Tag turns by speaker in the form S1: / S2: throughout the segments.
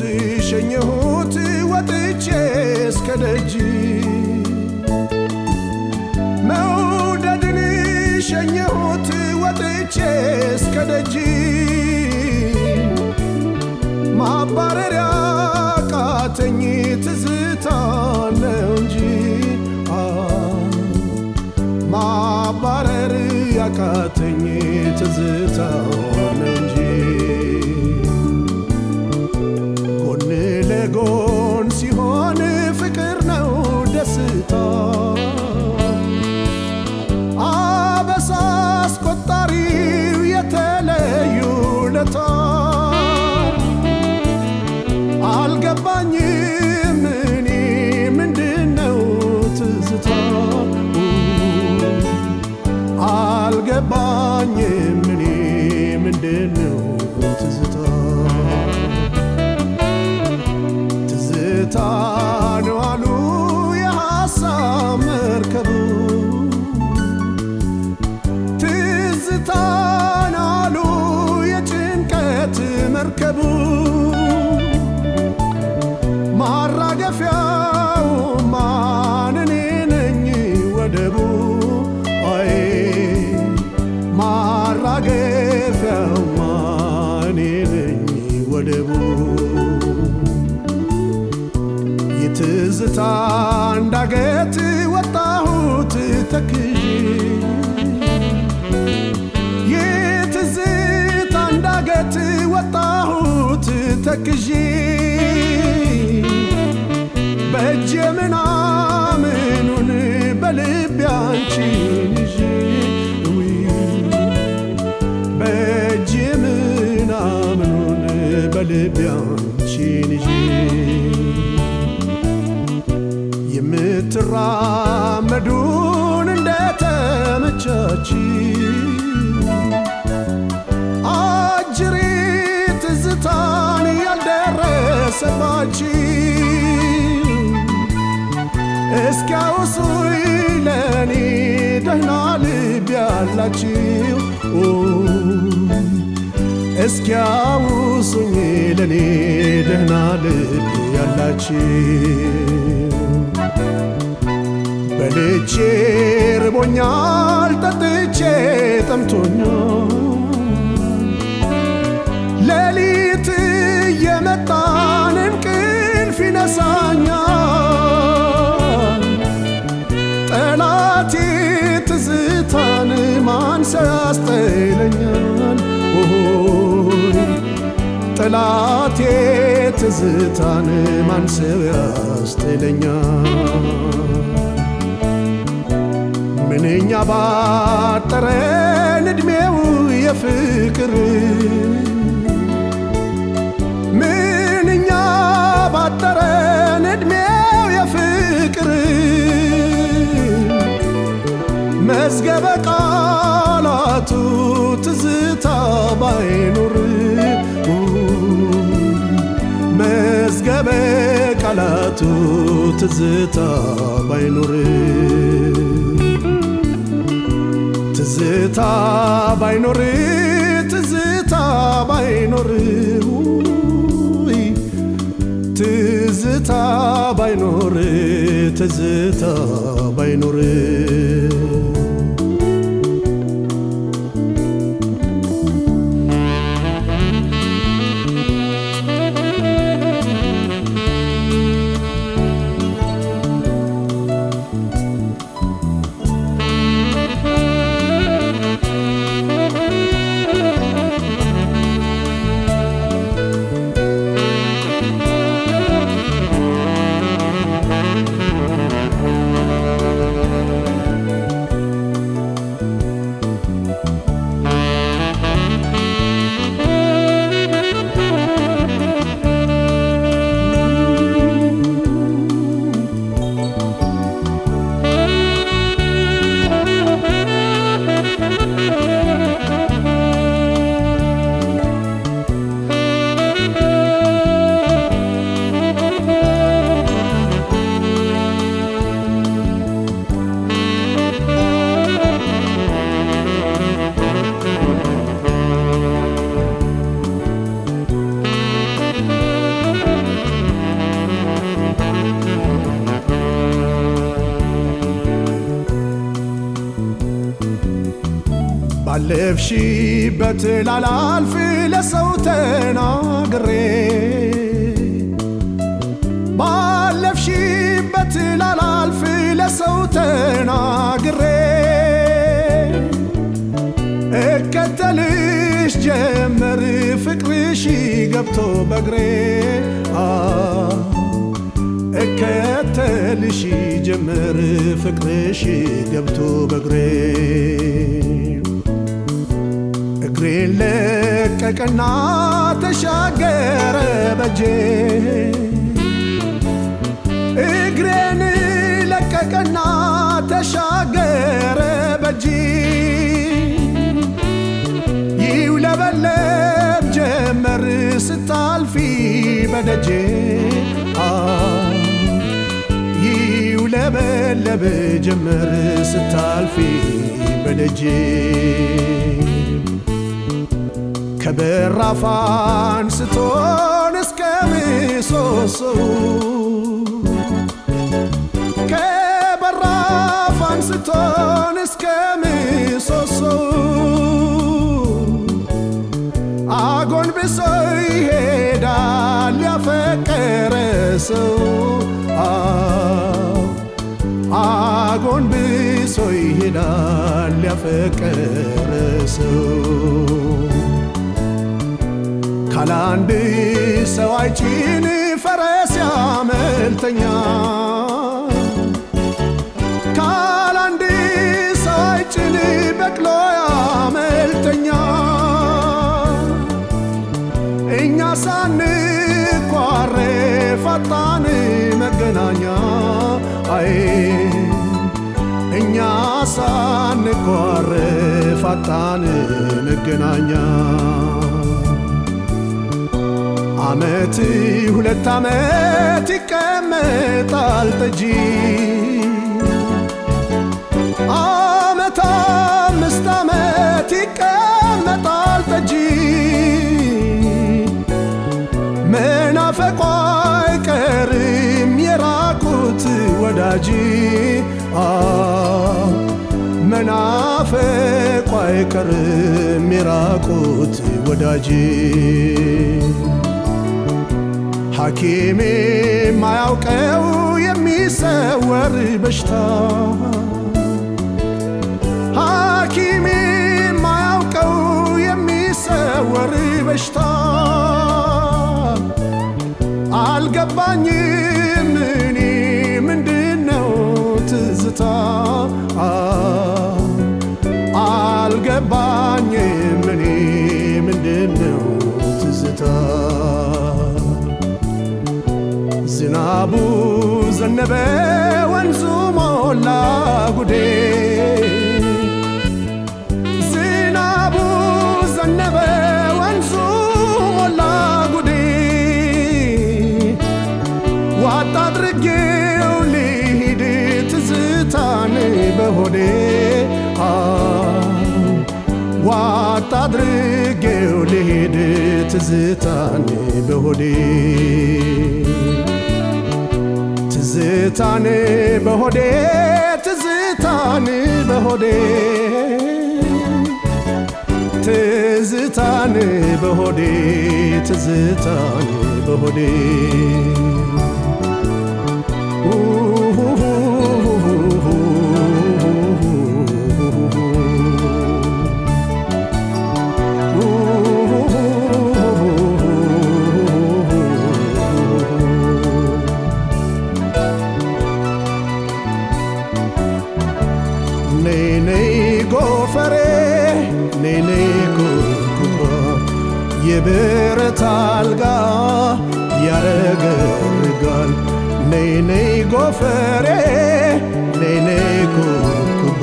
S1: ልብስ ሸኘሁት ወጥቼ እስከ ደጅ መውደድን ሸኘሁት ወጥቼ እስከ ደጅ ማባረሪያ ቃተኝ ትዝታ ነው እንጂ ማባረር ያቃተኝ ትዝታ ማረፊያው ማን እኔ ነኝ ወደቡ አይ ማራገፊያው ማን እኔ ነኝ ወደቡ የትዝታ እንዳገት ወጣሁት ተክዤ የትዝታ እንዳገት ወጣሁት ተክዤ ከልቤ አንቺን ይዤ የምትራመዱን እንደተመቻች አጅሬ ትዝታን ያልደረሰባች እስኪ አውሱይ ደህና ልብ ያላችሁ እስኪያውሱኝ ለኔ ደህና ልብ ያላችሁ በልቼ ርቦኛል ጠጥቼ ጠምቶኛል ጠላቴ ትዝታን ማንሰብ ያስጥለኛል። ምንኛ ባጠረን ዕድሜው የፍቅር ምንኛ ባጠረን ዕድሜው የፍቅር መዝገበ ቃላቱ ትዝታ ባይኖር መዝገበ ቃላቱ ትዝታ ባይኖር ትዝታ ባይኖር ትዝታ ባይኖር ትዝታ ባይኖር ትዝታ ባይኖር ባለፍሽበት ላላልፍ ለሰው ተናግሬ ባለፍሽበት ላላልፍ ለሰው ተናግሬ እከተልሽ ጀመር ፍቅርሽ ገብቶ በግሬ እከተልሽ ጀመር ፍቅርሽ ገብቶ በግሬ ፍቅሬ ለቀቀና ተሻገረ በጄ እግሬን ለቀቀና ተሻገረ በጂ ይውለበለብ ጀመር ስታልፊ በደጄ ይውለበለብ ጀመር ስታልፊ በደጄ ከበራፍ አንስቶን እስከ ምሰሶው ከበራፋን ስቶን እስከ ምሰሶው አጎንብሶ ይሄዳል ያፈቀረ ሰው አጎንብሶ ይሄዳል ያፈቀረ ሰው አላንድ ሰው አይቺን ፈረስ ያመልተኛ ካላንድ ሰው አይቺን በቅሎ ያመልተኛ እኛ ሳንኳሬ ፈጣን መገናኛ አይ እኛ ሳንኳሬ ፈጣን መገናኛ አመት ሁለት አመት ይቀመጣል ጠጂ አመት አምስት አመት ይቀመጣል ጠጂ መናፈቋ አይቀርም የራቁት ወዳጅ መናፈቋ አይቀርም የራቁት ወዳጅ ሐኪም የማያውቀው የሚሰወር በሽታ ሐኪም የማያውቀው የሚሰወር በሽታ አልገባኝ ዝናቡ ዘነበ ወንዙ ሞላ ጉዴ ዝናቡ ዘነበ ወንዙ ሞላ ጉዴ ዋጣ አድርጌው ልሂድ ትዝታን በሆዴ ዋጣ አድርጌው ልሂድ ትዝታን በሆዴ ትዝታን በሆዴ ትዝታን በሆዴ ትዝታን በሆዴ ትዝታን በሆዴ ከንፈሬ ኔኔ ኩርኩሞ የብረት አልጋ ያረገርጋል ኔኔ ጎፈሬ ኔኔ ኩርኩሞ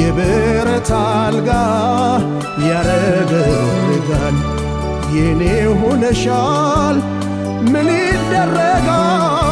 S1: የብረት አልጋ ያረገርጋል የኔ ሁነሻል ምን ይደረጋል